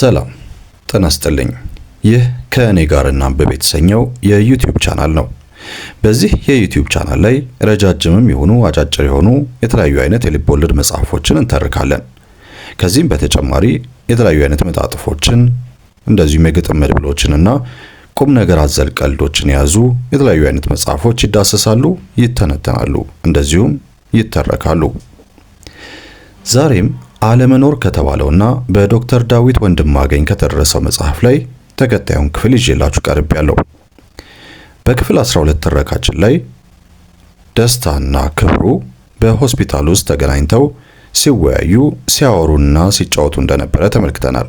ሰላም ጤና ይስጥልኝ። ይህ ከእኔ ጋር እናንብብ የተሰኘው የዩቲዩብ ቻናል ነው። በዚህ የዩቲዩብ ቻናል ላይ ረጃጅምም የሆኑ አጫጭር የሆኑ የተለያዩ አይነት የልብ ወለድ መጽሐፎችን እንተርካለን። ከዚህም በተጨማሪ የተለያዩ አይነት መጣጥፎችን እንደዚሁም የግጥም መድብሎችንና ቁም ነገር አዘል ቀልዶችን የያዙ የተለያዩ አይነት መጽሐፎች ይዳሰሳሉ፣ ይተነተናሉ፣ እንደዚሁም ይተረካሉ። ዛሬም አለመኖር ከተባለውና በዶክተር ዳዊት ወንድማገኝ ከተደረሰው መጽሐፍ ላይ ተከታዩን ክፍል ይዤላችሁ ያለው በክፍል 12 ትረካችን ላይ ደስታና ክብሩ በሆስፒታል ውስጥ ተገናኝተው ሲወያዩ፣ ሲያወሩና ሲጫወቱ እንደነበረ ተመልክተናል።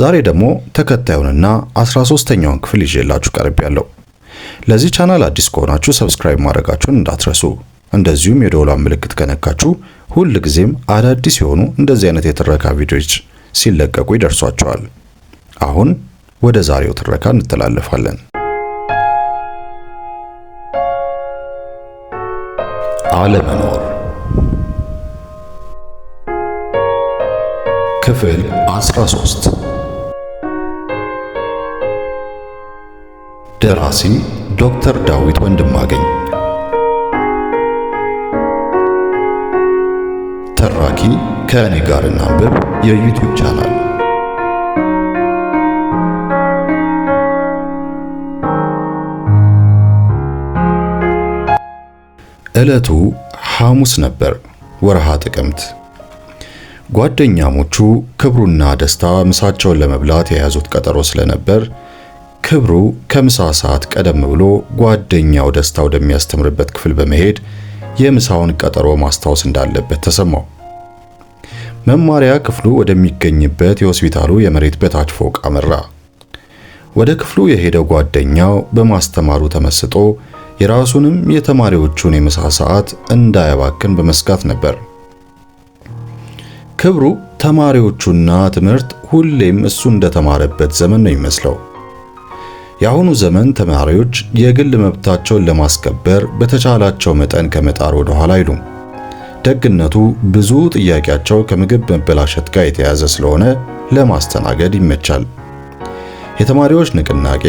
ዛሬ ደግሞ ተከታዩንና 13ኛውን ክፍል ይዤላችሁ ያለው ለዚህ ቻናል አዲስ ከሆናችሁ ሰብስክራይብ ማድረጋችሁን እንዳትረሱ። እንደዚሁም የደወሏን ምልክት ከነካችሁ ሁል ጊዜም አዳዲስ የሆኑ እንደዚህ አይነት የትረካ ቪዲዮዎች ሲለቀቁ ይደርሷቸዋል። አሁን ወደ ዛሬው ትረካ እንተላለፋለን። አለመኖር ክፍል 13 ደራሲ ዶክተር ዳዊት ወንድማገኝ ተራኪ ከእኔ ጋር እናንብብ የዩቲዩብ ቻናል ዕለቱ ሐሙስ ነበር፣ ወርሃ ጥቅምት። ጓደኛሞቹ ክብሩና ደስታ ምሳቸውን ለመብላት የያዙት ቀጠሮ ስለነበር ክብሩ ከምሳ ሰዓት ቀደም ብሎ ጓደኛው ደስታ ወደሚያስተምርበት ክፍል በመሄድ የምሳውን ቀጠሮ ማስታወስ እንዳለበት ተሰማው። መማሪያ ክፍሉ ወደሚገኝበት የሆስፒታሉ የመሬት በታች ፎቅ አመራ። ወደ ክፍሉ የሄደው ጓደኛው በማስተማሩ ተመስጦ የራሱንም የተማሪዎቹን የምሳ ሰዓት እንዳያባክን በመስጋት ነበር። ክብሩ ተማሪዎቹና ትምህርት ሁሌም እሱ እንደተማረበት ዘመን ነው የሚመስለው። የአሁኑ ዘመን ተማሪዎች የግል መብታቸውን ለማስከበር በተቻላቸው መጠን ከመጣር ወደ ኋላ አይሉም። ደግነቱ ብዙ ጥያቄያቸው ከምግብ መበላሸት ጋር የተያያዘ ስለሆነ ለማስተናገድ ይመቻል። የተማሪዎች ንቅናቄ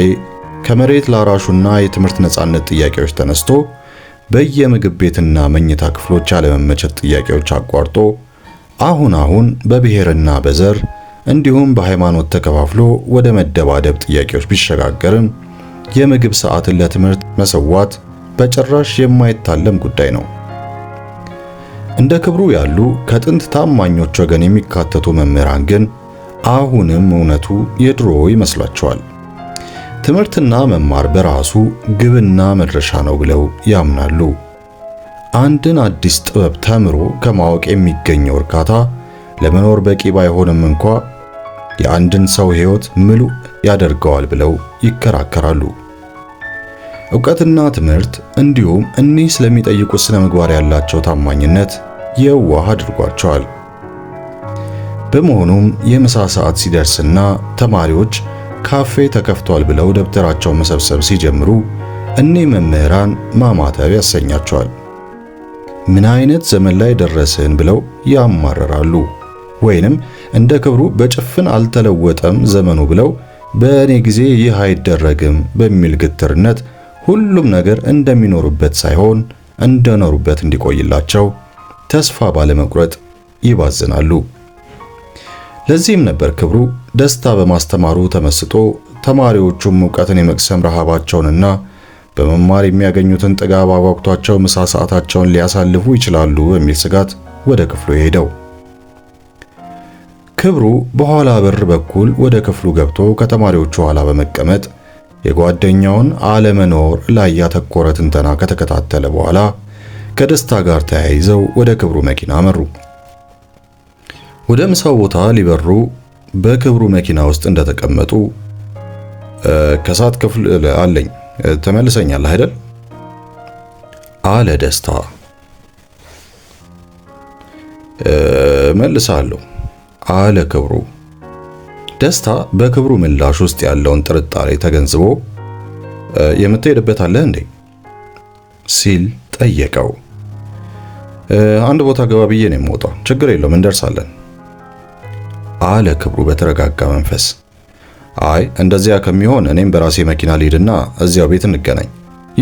ከመሬት ላራሹና የትምህርት ነጻነት ጥያቄዎች ተነስቶ በየምግብ ቤትና መኝታ ክፍሎች ያለመመቸት ጥያቄዎች አቋርጦ አሁን አሁን በብሔርና በዘር እንዲሁም በሃይማኖት ተከፋፍሎ ወደ መደባደብ ጥያቄዎች ቢሸጋገርም የምግብ ሰዓትን ለትምህርት መሰዋት በጭራሽ የማይታለም ጉዳይ ነው። እንደ ክብሩ ያሉ ከጥንት ታማኞች ወገን የሚካተቱ መምህራን ግን አሁንም እውነቱ የድሮ ይመስላቸዋል። ትምህርትና መማር በራሱ ግብና መድረሻ ነው ብለው ያምናሉ። አንድን አዲስ ጥበብ ተምሮ ከማወቅ የሚገኘው እርካታ ለመኖር በቂ ባይሆንም እንኳ የአንድን ሰው ሕይወት ምሉ ያደርገዋል ብለው ይከራከራሉ። እውቀትና ትምህርት እንዲሁም እኒህ ስለሚጠይቁት ስነ ምግባር ያላቸው ታማኝነት የዋህ አድርጓቸዋል። በመሆኑም የምሳ ሰዓት ሲደርስና ተማሪዎች ካፌ ተከፍቷል ብለው ደብተራቸውን መሰብሰብ ሲጀምሩ እኒህ መምህራን ማማተብ ያሰኛቸዋል። ምን አይነት ዘመን ላይ ደረስን ብለው ያማረራሉ?። ወይንም እንደ ክብሩ በጭፍን አልተለወጠም ዘመኑ ብለው በእኔ ጊዜ ይህ አይደረግም በሚል ግትርነት ሁሉም ነገር እንደሚኖሩበት ሳይሆን እንደኖሩበት እንዲቆይላቸው ተስፋ ባለመቁረጥ ይባዝናሉ። ለዚህም ነበር ክብሩ ደስታ በማስተማሩ ተመስጦ ተማሪዎቹም ሙቀትን የመቅሰም ረሃባቸውንና በመማር የሚያገኙትን ጥጋብ አጓግቷቸው ምሳ ሰዓታቸውን ሊያሳልፉ ይችላሉ በሚል ስጋት ወደ ክፍሉ ሄደው ክብሩ በኋላ በር በኩል ወደ ክፍሉ ገብቶ ከተማሪዎቹ ኋላ በመቀመጥ የጓደኛውን አለመኖር ላይ ያተኮረ ትንተና ከተከታተለ በኋላ ከደስታ ጋር ተያይዘው ወደ ክብሩ መኪና አመሩ። ወደ ምሳው ቦታ ሊበሩ በክብሩ መኪና ውስጥ እንደተቀመጡ ከሰዓት ክፍል አለኝ ተመልሰኛለህ አይደል? አለ ደስታ። መልሳለሁ አለ ክብሩ። ደስታ በክብሩ ምላሽ ውስጥ ያለውን ጥርጣሬ ተገንዝቦ የምትሄድበት አለ እንዴ ሲል ጠየቀው። አንድ ቦታ ገባ ብዬ ነው የምወጣው፣ ችግር የለውም እንደርሳለን አለ ክብሩ በተረጋጋ መንፈስ። አይ እንደዚያ ከሚሆን እኔም በራሴ መኪና ልሂድና እዚያው ቤት እንገናኝ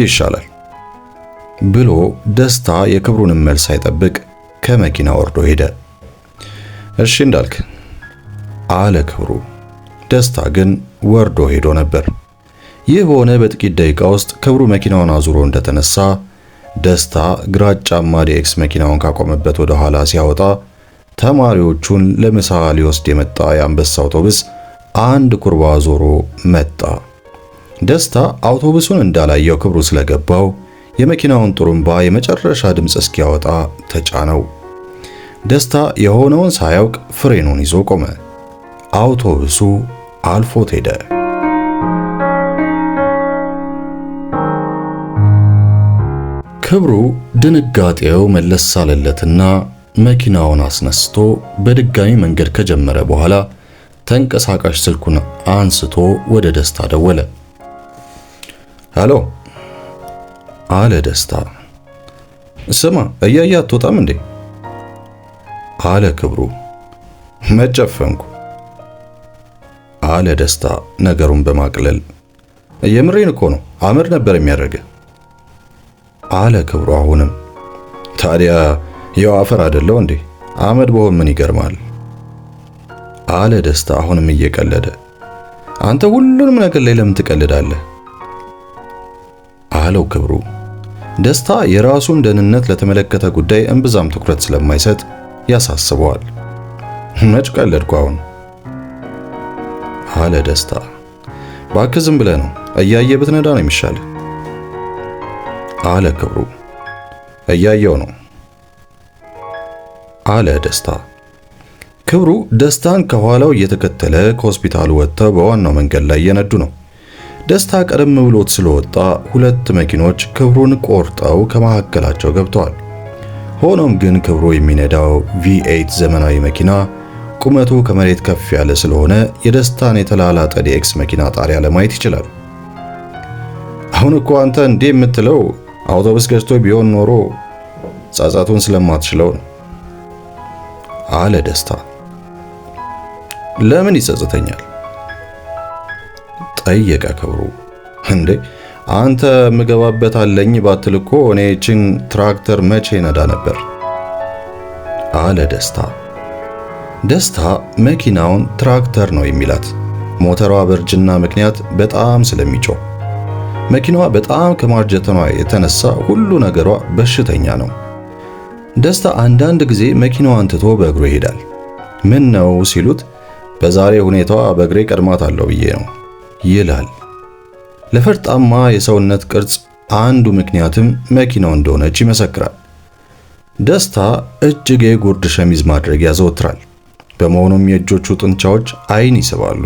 ይሻላል ብሎ ደስታ የክብሩንም መልስ ሳይጠብቅ ከመኪና ወርዶ ሄደ። እሺ እንዳልክ አለ ክብሩ። ደስታ ግን ወርዶ ሄዶ ነበር። ይህ በሆነ በጥቂት ደቂቃ ውስጥ ክብሩ መኪናውን አዙሮ እንደተነሳ ደስታ ግራጫማ ዲኤክስ መኪናውን ካቆመበት ወደ ኋላ ሲያወጣ ተማሪዎቹን ለምሳ ሊወስድ የመጣ የአንበሳ አውቶቡስ አንድ ኩርባ ዞሮ መጣ። ደስታ አውቶቡሱን እንዳላየው ክብሩ ስለገባው የመኪናውን ጥሩምባ የመጨረሻ ድምፅ እስኪያወጣ ተጫነው። ደስታ የሆነውን ሳያውቅ ፍሬኑን ይዞ ቆመ። አውቶቡሱ አልፎት ሄደ። ክብሩ ድንጋጤው መለስ ሳለለትና መኪናውን አስነስቶ በድጋሚ መንገድ ከጀመረ በኋላ ተንቀሳቃሽ ስልኩን አንስቶ ወደ ደስታ ደወለ። ሃሎ አለ ደስታ። ስማ እያያ አትወጣም እንዴ? አለ ክብሩ። መጨፈንኩ አለ ደስታ ነገሩን በማቅለል የምሬን እኮ ነው አመድ ነበር የሚያደርገ አለ ክብሩ። አሁንም ታዲያ ያው አፈር አይደለው እንዴ አመድ በሆን ምን ይገርማል? አለ ደስታ አሁንም እየቀለደ አንተ ሁሉንም ነገር ላይ ለምን ትቀልዳለህ? አለው ክብሩ። ደስታ የራሱን ደህንነት ለተመለከተ ጉዳይ እምብዛም ትኩረት ስለማይሰጥ ያሳስበዋል። መች ቀለድኩ አሁን አለ ደስታ። ባክ ዝም ብለህ ነው እያየ ብትነዳ ነው የሚሻል አለ ክብሩ። እያየው ነው አለ ደስታ። ክብሩ ደስታን ከኋላው እየተከተለ ከሆስፒታሉ ወጥተው በዋናው መንገድ ላይ እየነዱ ነው። ደስታ ቀደም ብሎት ስለወጣ ሁለት መኪኖች ክብሩን ቆርጠው ከመካከላቸው ገብተዋል። ሆኖም ግን ክብሩ የሚነዳው V8 ዘመናዊ መኪና ቁመቱ ከመሬት ከፍ ያለ ስለሆነ የደስታን የተላላጠ ዲኤክስ መኪና ጣሪያ ለማየት ይችላል። አሁን እኮ አንተ እንዲህ የምትለው አውቶቡስ ገዝቶ ቢሆን ኖሮ ጻጻቱን ስለማትችለው ነው አለ ደስታ። ለምን ይጸጽተኛል? ጠየቀ ክብሩ። እንዴ አንተ ምገባበት አለኝ ባትል እኮ እኔ ይህችን ትራክተር መቼ ነዳ ነበር አለ ደስታ። ደስታ መኪናውን ትራክተር ነው የሚላት ሞተሯ በእርጅና ምክንያት በጣም ስለሚጮህ። መኪናዋ በጣም ከማርጀተኗ የተነሳ ሁሉ ነገሯ በሽተኛ ነው። ደስታ አንዳንድ ጊዜ መኪናዋን ትቶ በእግሩ ይሄዳል። ምን ነው ሲሉት በዛሬ ሁኔታዋ በእግሬ ቀድማታለሁ ብዬ ነው ይላል። ለፈርጣማ የሰውነት ቅርጽ አንዱ ምክንያትም መኪናው እንደሆነች ይመሰክራል። ደስታ እጅግ ጉርድ ሸሚዝ ማድረግ ያዘወትራል። በመሆኑም የእጆቹ ጡንቻዎች አይን ይስባሉ፣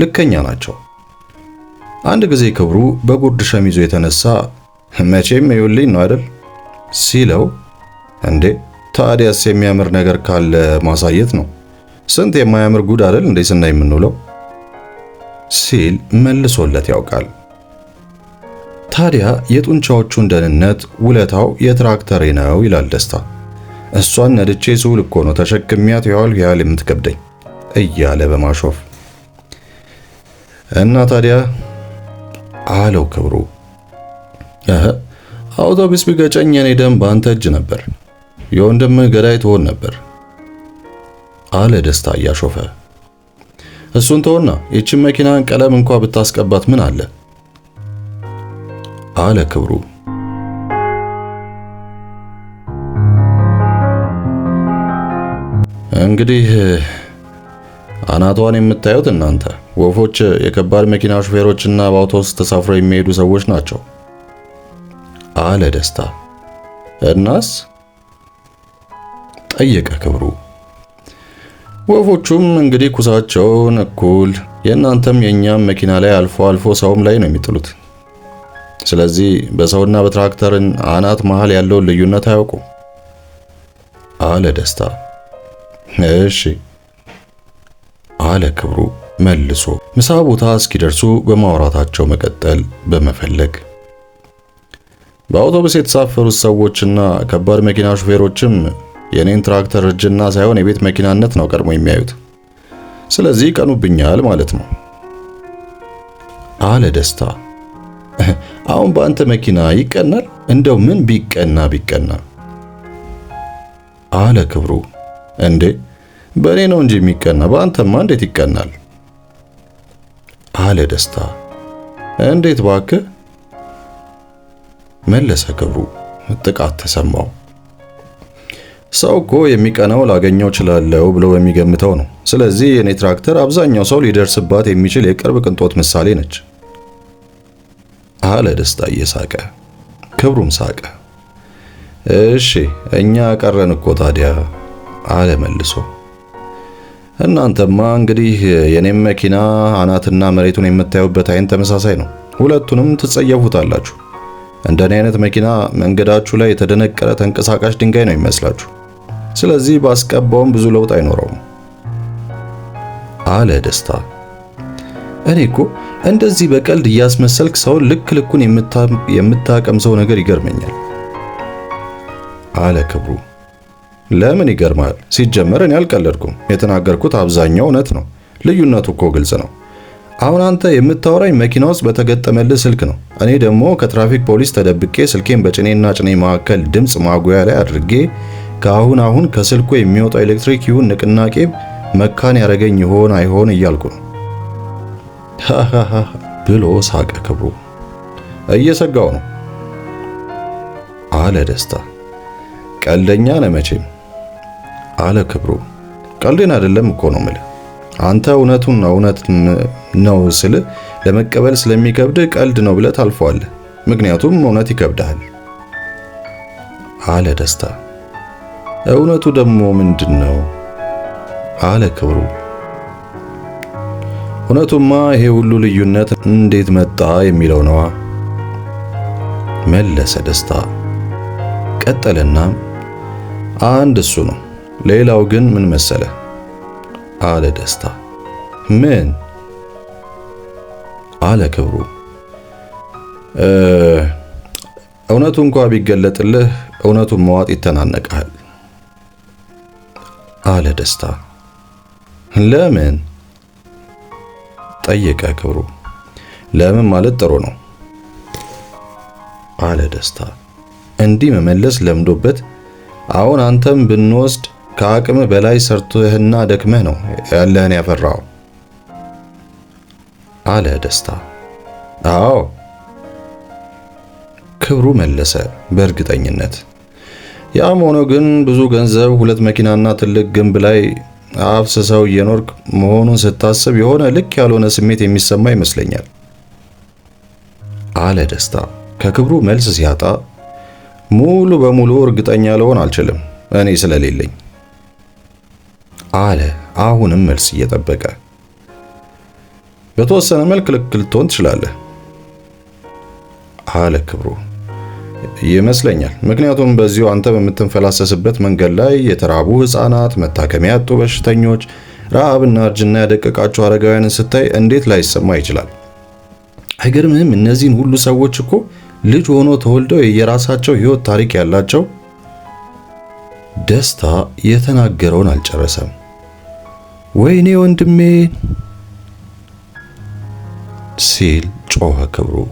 ልከኛ ናቸው። አንድ ጊዜ ክብሩ በጉርድ ሸሚዙ የተነሳ መቼም ይኸውልኝ ነው አይደል ሲለው፣ እንዴ ታዲያስ የሚያምር ነገር ካለ ማሳየት ነው። ስንት የማያምር ጉድ አይደል እንዴ ስና የምንውለው ሲል መልሶለት ያውቃል። ታዲያ የጡንቻዎቹን ደህንነት ውለታው የትራክተሬ ነው ይላል ደስታ። እሷን ነድቼ ስውል እኮ ነው ተሸክሚያት ያዋል ያህል የምትከብደኝ እያለ በማሾፍ እና ታዲያ አለው ክብሩ። እህ አውቶቡስ ቢገጨኝ የኔ ደም በአንተ እጅ ነበር፣ የወንድምህ ገዳይ ትሆን ነበር አለ ደስታ እያሾፈ። እሱን ተወና ይችን መኪናን ቀለም እንኳ ብታስቀባት ምን አለ አለ ክብሩ። እንግዲህ አናቷን የምታዩት እናንተ ወፎች የከባድ መኪና ሹፌሮችና በአውቶቡስ ተሳፍረው የሚሄዱ ሰዎች ናቸው አለ ደስታ። እናስ ጠየቀ ክብሩ። ወፎቹም እንግዲህ ኩሳቸውን እኩል የእናንተም የእኛም መኪና ላይ አልፎ አልፎ ሰውም ላይ ነው የሚጥሉት። ስለዚህ በሰውና በትራክተርን አናት መሃል ያለውን ልዩነት አያውቁም አለ ደስታ። እሺ አለ ክብሩ መልሶ። ምሳ ቦታ እስኪደርሱ በማውራታቸው መቀጠል በመፈለግ በአውቶቡስ የተሳፈሩት ሰዎችና ከባድ መኪና ሹፌሮችም የእኔን ትራክተር እርጅና ሳይሆን የቤት መኪናነት ነው ቀድሞ የሚያዩት። ስለዚህ ቀኑብኛል ማለት ነው አለ ደስታ። አሁን በአንተ መኪና ይቀናል? እንደው ምን ቢቀና ቢቀና አለ ክብሩ። እንዴ በእኔ ነው እንጂ የሚቀና በአንተማ እንዴት ይቀናል? አለ ደስታ። እንዴት ባክ መለሰ ክብሩ። ጥቃት ተሰማው። ሰው እኮ የሚቀናው ላገኘው እችላለሁ ብሎ በሚገምተው ነው። ስለዚህ የኔ ትራክተር አብዛኛው ሰው ሊደርስባት የሚችል የቅርብ ቅንጦት ምሳሌ ነች አለ ደስታ እየሳቀ ክብሩም ሳቀ። እሺ እኛ ቀረን እኮ ታዲያ አለ መልሶ። እናንተማ እንግዲህ የኔም መኪና አናትና መሬቱን የምታዩበት አይን ተመሳሳይ ነው። ሁለቱንም ትጸየፉታላችሁ። እንደኔ አይነት መኪና መንገዳችሁ ላይ የተደነቀረ ተንቀሳቃሽ ድንጋይ ነው ይመስላችሁ። ስለዚህ ባስቀባውም ብዙ ለውጥ አይኖረውም አለ ደስታ። እኔ እኮ እንደዚህ በቀልድ እያስመሰልክ ሰውን ልክ ልኩን የምታቀምሰው ነገር ይገርመኛል አለ ክብሩ። ለምን ይገርማል? ሲጀመር እኔ አልቀለድኩም። የተናገርኩት አብዛኛው እውነት ነው። ልዩነቱ እኮ ግልጽ ነው። አሁን አንተ የምታወራኝ መኪና ውስጥ በተገጠመልህ ስልክ ነው። እኔ ደግሞ ከትራፊክ ፖሊስ ተደብቄ ስልኬን በጭኔና ጭኔ መካከል ድምፅ ማጉያ ላይ አድርጌ ከአሁን አሁን ከስልኩ የሚወጣው ኤሌክትሪክ ይሁን ንቅናቄ መካን ያደረገኝ ይሆን አይሆን እያልኩ ነው ብሎ ሳቀ። ክብሩ እየሰጋው ነው አለ ደስታ። ቀልደኛ ነህ መቼም አለ ክብሩ። ቀልድን አይደለም እኮ ነው የምልህ አንተ እውነቱን ነው እውነት ነው ስል ለመቀበል ስለሚከብድ ቀልድ ነው ብለህ ታልፈዋለህ። ምክንያቱም እውነት ይከብድሃል አለ ደስታ። እውነቱ ደግሞ ምንድን ነው አለ ክብሩ። እውነቱማ ይሄ ሁሉ ልዩነት እንዴት መጣ የሚለው ነዋ መለሰ ደስታ። ቀጠለና አንድ እሱ ነው፣ ሌላው ግን ምን መሰለ አለ ደስታ። ምን አለ ክብሩ። እውነቱ እንኳ ቢገለጥልህ እውነቱን መዋጥ ይተናነቀሃል። አለ ደስታ። ለምን ጠየቀ ክብሩ። ለምን ማለት ጥሩ ነው አለ ደስታ እንዲህ መመለስ ለምዶበት። አሁን አንተም ብንወስድ ከአቅም በላይ ሰርቶህና ደክመህ ነው ያለህን ያፈራው አለ ደስታ። አዎ ክብሩ መለሰ በእርግጠኝነት። ያም ሆኖ ግን ብዙ ገንዘብ ሁለት መኪናና ትልቅ ግንብ ላይ አፍስሰው እየኖርክ መሆኑን ስታስብ የሆነ ልክ ያልሆነ ስሜት የሚሰማ ይመስለኛል አለ ደስታ ከክብሩ መልስ ሲያጣ። ሙሉ በሙሉ እርግጠኛ ልሆን አልችልም እኔ ስለሌለኝ አለ አሁንም መልስ እየጠበቀ። በተወሰነ መልክ ልክ ልትሆን ትችላለህ አለ ክብሩ። ይመስለኛል። ምክንያቱም በዚሁ አንተ በምትንፈላሰስበት መንገድ ላይ የተራቡ ህፃናት፣ መታከሚያ ያጡ በሽተኞች፣ ረሃብና እርጅና ያደቀቃቸው አረጋውያንን ስታይ እንዴት ላይሰማ ይችላል? አይገርምህም? እነዚህን ሁሉ ሰዎች እኮ ልጅ ሆኖ ተወልደው የየራሳቸው ህይወት ታሪክ ያላቸው። ደስታ የተናገረውን አልጨረሰም። ወይኔ ወንድሜ ሲል ጮኸ ክብሩ።